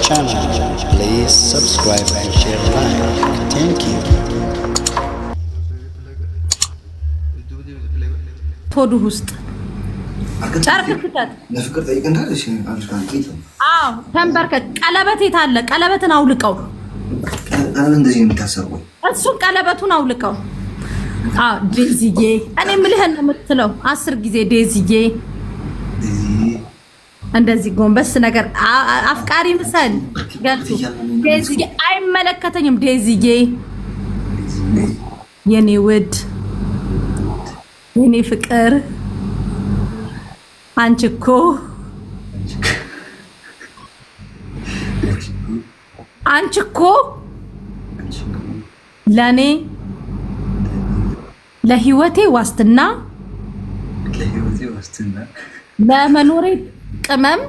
channel. Please subscribe and share like. Thank you. ሆዱ ውስጥ ጨርቅ ቀለበት የት አለ? ቀለበትን አውልቀው። እሱን ቀለበቱን አውልቀው። ዴዚዬ፣ እኔ ምልህን የምትለው አስር ጊዜ ዴዚዬ እንደዚህ ጎንበስ ነገር አፍቃሪ ምሰል ገልጹ። ዴዚዬ አይመለከተኝም። ዴዚዬ የኔ ውድ የኔ ፍቅር አንቺ እኮ አንቺ እኮ ለኔ ለህይወቴ ዋስትና ለመኖሬ ቅመም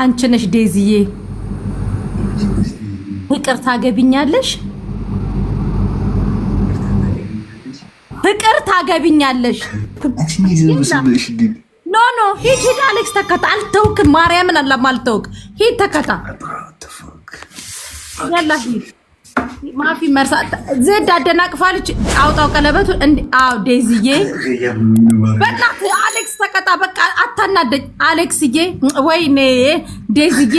አንቺ ነሽ ዴዚዬ። ፍቅር ታገብኛለሽ፣ ፍቅር ታገብኛለሽ። ኖ ኖ ሂድ ሂድ፣ አሌክስ ተከታ። አልተውክ፣ ማርያምን አላማ አልተውክ። ሂድ ተከታ፣ ያላ ሂድ ማፊ መርሳት ዘድ አደናቅፋለች። አውጣው ቀለበቱ። አው ዴዝዬ፣ በእናትህ አሌክስ ተቀጣ። በቃ አታናደኝ አሌክስዬ። ወይኔ ዴዝዬ፣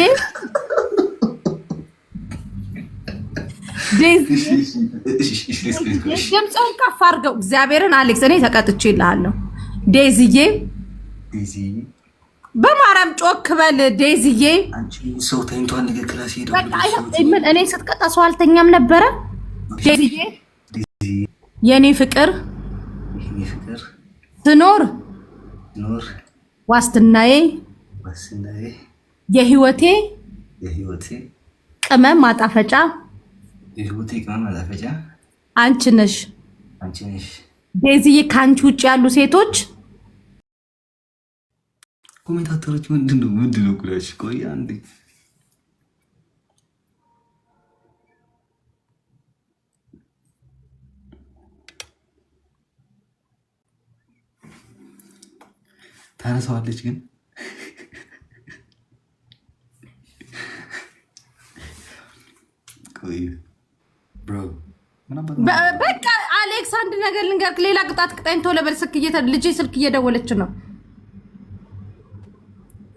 ድምፅህን ከፍ አድርገው። እግዚአብሔርን አሌክስ፣ እኔ ተቀጥቼ ይልሃለሁ ዴዝዬ በማርያም ጮክ በል ዴዝዬ። ሰው ተኝቷል። ነገ ክላስ ሄደምን እኔ ስትቀጣ ሰው አልተኛም ነበረ። ዴዚዬ የእኔ ፍቅር ትኖር ዋስትናዬ የህይወቴ ቅመም ማጣፈጫ አንቺ ነሽ ዴዚዬ ከአንቺ ውጭ ያሉ ሴቶች ኮሜንታተሮች ምንድን ነው ምንድን ነው ጉዳሽ? ቆይ አንዴ ታነሳዋለች ግን በቃ አሌክስ አንድ ነገር ልንገርክ። ሌላ ቅጣት ቅጣኝ። ቶሎ በል ስልክ ልጄ ስልክ እየደወለች ነው።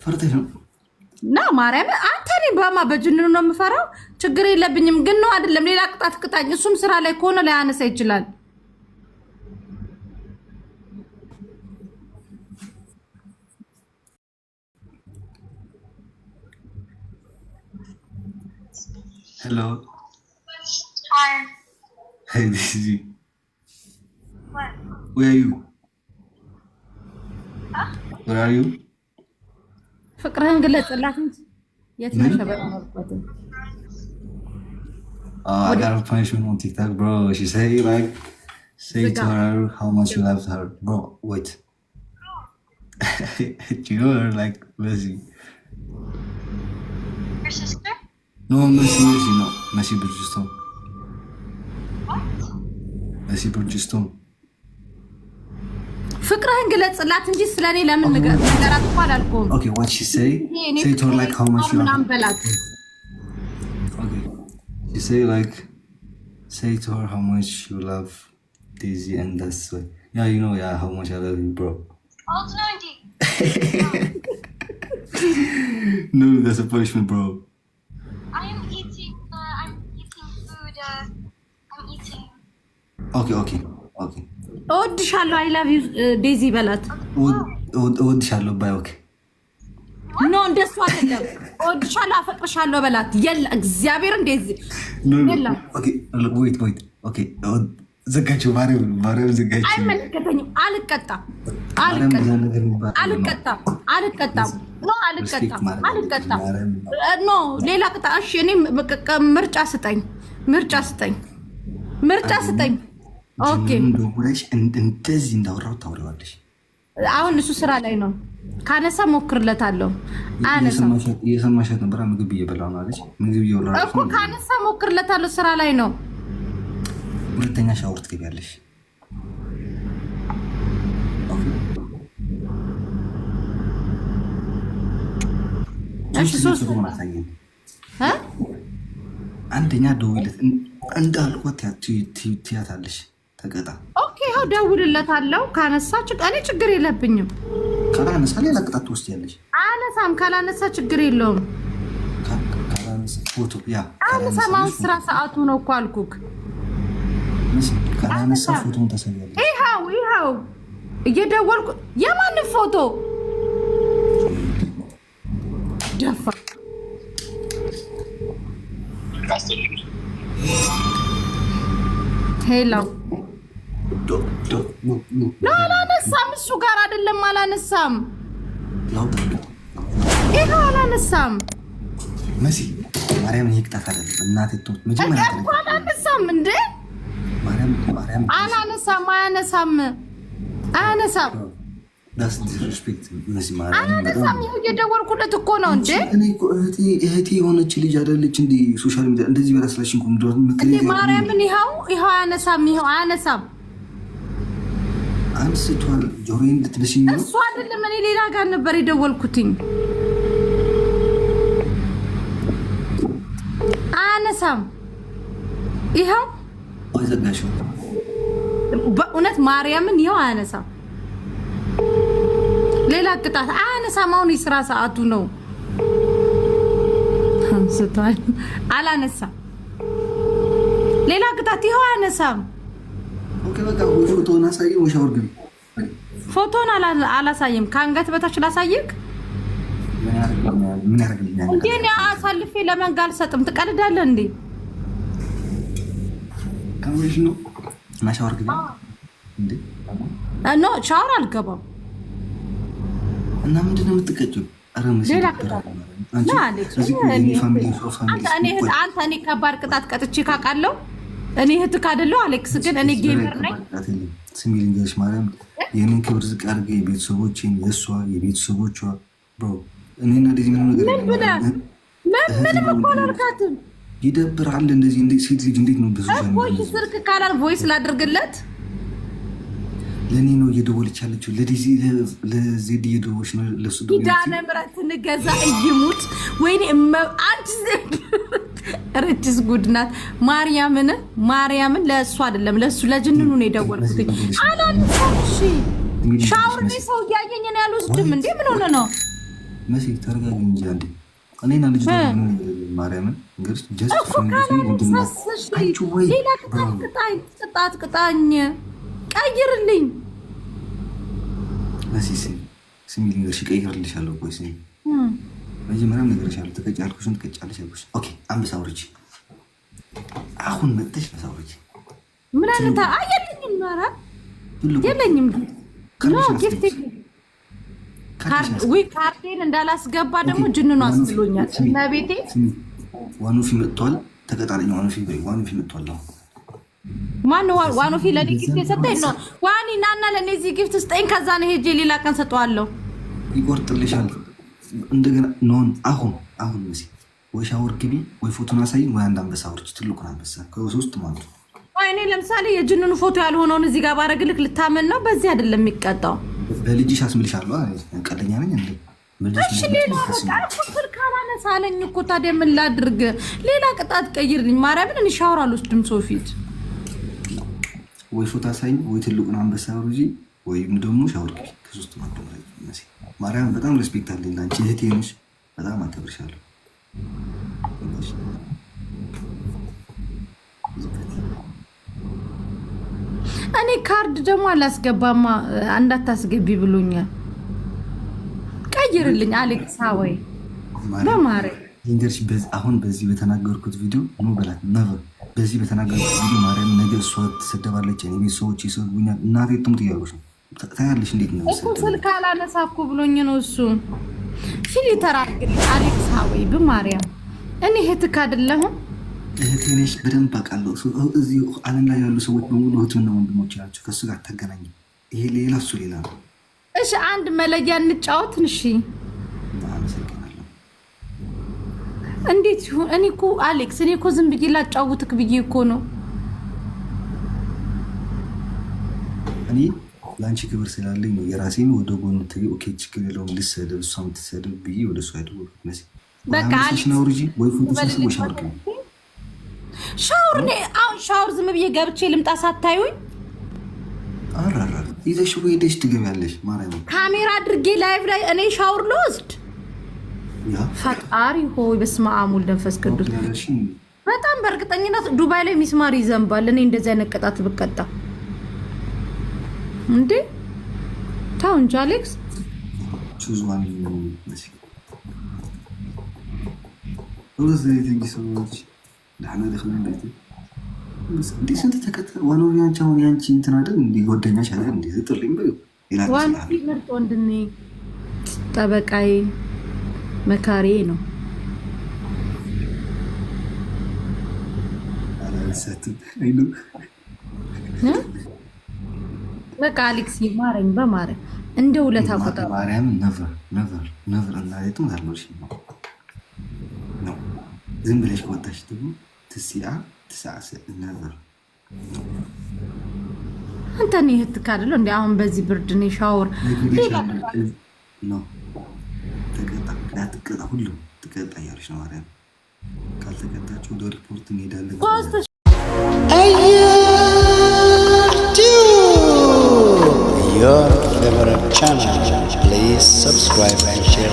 ፈርተሽ ነው እና ማርያም አንተ እኔ በማ በጅንኑ ነው የምፈራው። ችግር የለብኝም ግን ነው አይደለም። ሌላ ቅጣት ቅጣኝ። እሱም ስራ ላይ ከሆነ ላያነሳ ይችላል። ሄሎ ዩ ፍቅርህን ግለጽላት እንጂ የት ነሽ? በጣም ፍቅርህን ግለጽላት እንጂ ስለ እኔ ለምን ነገራት እኮ አላልኩም። Say to her how much you love Daisy and that's why. Yeah, you know, yeah, how much I love you, bro. no, that's a punishment, bro. I am uh, eating, food, uh, I'm eating. Okay, okay, okay. እወድሻለሁ አይ ላቭ ዩ ዴዚ በላት። እወድሻለሁ ባይ ኖ እንደሱ አይደለም። እወድሻለሁ አፈቅርሻለሁ በላት። የላ ዘጋቸው። ማርያም ዘጋቸው። አይመለከተኝም። አልቀጣም፣ አልቀጣም፣ አልቀጣም። ኖ ሌላ ቅጣ። እሺ እኔ ምርጫ ስጠኝ፣ ምርጫ ስጠኝ፣ ምርጫ ስጠኝ ደውለሽ እንደዚህ እንዳወራው ታውሪዋለሽ። አሁን እሱ ስራ ላይ ነው። ካነሳ ሞክርለታለሁ። እየሰማሻት ነበር። ምግብ እየበላ ነው ምግብ እየበላ እኮ ካነሳ ሞክርለታለሁ። ስራ ላይ ነው። ሁለተኛ ሻወር ትገቢያለሽ። አንደኛ ደውይለት እንዳልኳት ትያታለሽ ተቀጣ። ኦኬ ያው ደውልለታለሁ። ካነሳ እኔ ችግር የለብኝም። ካላነሳ ሌላ ቅጣት ትወስጃለሽ። አነሳም። ካላነሳ ችግር የለውም። ፎቶ ያ አነሳም። አሁን ስራ ሰዓቱ ነው እኮ አልኩክ። ካላነሳ ፎቶን ታሳያለሽ። ይኸው ይኸው እየደወልኩ የማንም ፎቶ ደፋ ሄላው አላነሳም። እሱ ጋር አይደለም አላነሳም። ይኸው አላነሳም። መሲ ማርያምን ይቅጣት አይደለም እናቴ ቶት መጀመሪያ አላነሳም። እንደ አላነሳም። አያነሳም። አያነሳም። አላነሳም። ይኸው እየደወልኩለት እኮ ነው። እንደ እህቴ የሆነች ልጅ አይደለች እንደ ሶሻል ሚዲያ እንደዚህ በላስላሽ ማርያምን ይኸው ይኸው አያነሳም። ይኸው አያነሳም አንስቷን ጆሮዬን ልትልሽኝ ነው? እሱ አይደለም፣ እኔ ሌላ ጋር ነበር የደወልኩትኝ። አያነሳም። ይኸው ዘጋሽው። በእውነት ማርያምን ይኸው አያነሳም። ሌላ ቅጣት አያነሳም። አሁን የስራ ሰዓቱ ነው። አንስቷን አላነሳም። ሌላ ቅጣት ይኸው አያነሳም። ፎቶን አሳየን ሻወር ግቢ። ፎቶን አላሳይም ከአንገት በታች ላሳይክ። እንዴን አሳልፌ ለመንጋ አልሰጥም። ትቀልዳለህ እንዴ? ከምሽ ሻወር ግቢ ሻወር አልገባም። እና ምንድን ነው የምትቀጭው? አንተ እኔ ከባድ ቅጣት ቀጥቼ ካውቃለሁ እኔ እህትህ አይደለሁ። አሌክስ ግን እኔ ጌመር ነኝ። ስሚ ልንገርሽ ማርያም፣ የእኔን ክብር ዝቅ አድርጌ የቤተሰቦቼን የእሷ የቤተሰቦቿ እኔና ደዚ ምንም ነገር ምንም ይደብራል። እንደዚህ እንደ ሴት ልጅ እንዴት ነው ብዙ ቮይስ ስልክ ካላል ቮይስ ላድርግለት ለእኔ ነው እየደወለች ያለችው። ለዜድ እየደወለች ነው። ለሱ ኪዳነ ምሕረት ንገዛ እይሙት ወይኔ አንድ ዜ ረጅስ ጉድ ናት። ማርያምን ማርያምን ለእሱ አይደለም ለእሱ ለጅንኑ ነው የደወልኩት። አላልሽ ሻወር ቤት ሰው እያየኝ ነው ያሉ ስድም እንዴ ምን ሆነ ነው መሲ ተረጋጊ እንጂ አንዴ እኔና ልጅ ማርያምን ሌላ ቅጣት ቅጣኝ ቀይርልኝ መሲ ስሚ ልንገርሽ እቀይርልሻለሁ ቆይ መጀመሪያም ነግሬሻለሁ። ትቀጭ ያልኩሽን ትቀጫለሽ አልኩሽ። ኦኬ አንበሳ አውርጂ፣ አሁን መጥተሽ አንበሳ አውርጂ። ምን አይነት የለኝም፣ ኧረ የለኝም። ካርዴን እንዳላስገባ ደግሞ ጅንኑ አስብሎኛል። እና ቤቴ ዋኖፊ መጥቷል። ተቀጣለኝ። ዋኖፊ ዋኖፊ መጥቷል። ማነው ዋኖፊ? ለእኔ ጊፍት የሰጠኝ ነው። ዋኒ ናና ለእኔ እዚህ ጊፍት ስጠኝ። ከዛ ነው ሄጄ ሌላ ቀን ሰጠዋለሁ። ይቆርጥልሻል እንደገና ኖን አሁን አሁን መሲ ወይ ሻወር ግቢ፣ ወይ ፎቶን አሳይ፣ ወይ አንድ አንበሳ ውርጅ፣ ትልቁን አንበሳ ከሶስት ማለት ነው። እኔ ለምሳሌ የጅንኑ ፎቶ ያልሆነውን እዚህ ጋር ባረግልክ ልታመን ነው። በዚህ አይደለም የሚቀጣው። በልጅሽ አስምልሻለሁ። ቀለኛ ነኝ እንዴ? እሺ ሌላ ቁጥር ካላነሳለኝ እኮ ታዲያ ምን ላድርግ? ሌላ ቅጣት ቀይርልኝ። ማርያምን እኔ ሻወር አልወስድም። ሰው ፊት ወይ ፎቶ አሳይ፣ ወይ ትልቁን አንበሳ ውርጅ ወይም ደግሞ ሻወር ከሶስት ከሶስቱ ማርያም በጣም ሬስፔክት አለኝ ለአንቺ እህቴ ነሽ። በጣም አከብርሻለሁ። እኔ ካርድ ደግሞ አላስገባማ እንዳታስገቢ ብሎኛል። ቀይርልኝ አሌክሳ ወይ በማርያም አሁን በዚህ በተናገርኩት ቪዲዮ ኖ በላት ነበር። በዚህ በተናገርኩት ቪዲዮ ማርያም ነገ እሷ ትሰደባለች፣ እኔ ቤተሰቦች ይሰድቡኛል፣ እናቴ ትሙት እያሉሽ ነው ታያለሽ። እንዴት ነው እኮ ስልክ አላነሳ እኮ ብሎኝ ነው እሱ ፊልተር አድርግልኝ። አሌክሳ ወይ በማርያም እኔ እህትህ አይደለሁም። እህቴ ነሽ፣ በደንብ አውቃለሁ። እዚህ አለም ላይ ያሉ ሰዎች በሙሉ እህትና ወንድሞች ናቸው። ከእሱ ጋር ተገናኝ ይሄ ሌላ፣ እሱ ሌላ ነው። እሺ አንድ መለያ እንጫወት። እሺ እንዴት ይሁን? እኔ እኮ አሌክስ፣ እኔ እኮ ዝም ብዬ ላጫውትክ ብዬ እኮ ነው እኔ ለአንቺ ክብር ስላለኝ ነው የራሴን ወደ ጎን ኦኬ፣ ችግር የለውም ልሰደብ፣ እሷ የምትሰደብ ብዬ ወደ እሷ ደወልኩት። ሻወር አሁን ሻወር ዝም ብዬ ገብቼ ልምጣ ሳታዩኝ አራራ ይዘሽ ሄደሽ ትገቢያለሽ። ካሜራ አድርጌ ላይቭ ላይ እኔ ሻወር ልወስድ ፈጣሪ ሆይ በስመ አብ ወልድ መንፈስ ቅዱስ። በጣም በእርግጠኝነት ዱባይ ላይ ሚስማር ይዘንባል። እኔ እንደዚህ አይነት ቅጣት ብቀጣ እንዴ ተው እንጂ አሌክስ። ስንት ተከተል ዋናው ያንቺ አሁን ያንቺ እንትን አይደል እንደ ጓደኛሽ አይደል እንደ ጥሪም በይው ምርጥ ወንድሜ ጠበቃዬ መካሬ ነው። አላነሳትም በቃ አሌክስ ማረኝ፣ በማረኝ እንደ ውለታ ቆጠሩ። ዝም ብለሽ ደግሞ ትስያ ትሳሰ አንተ ነው ይህት ካደለው እንዲ አሁን በዚህ ብርድ ነው ሻወር ተቀጣ ሁሉም እያለች ነው ማርያም። ወደ ሪፖርት እንሄዳለን። channel. Please subscribe and share.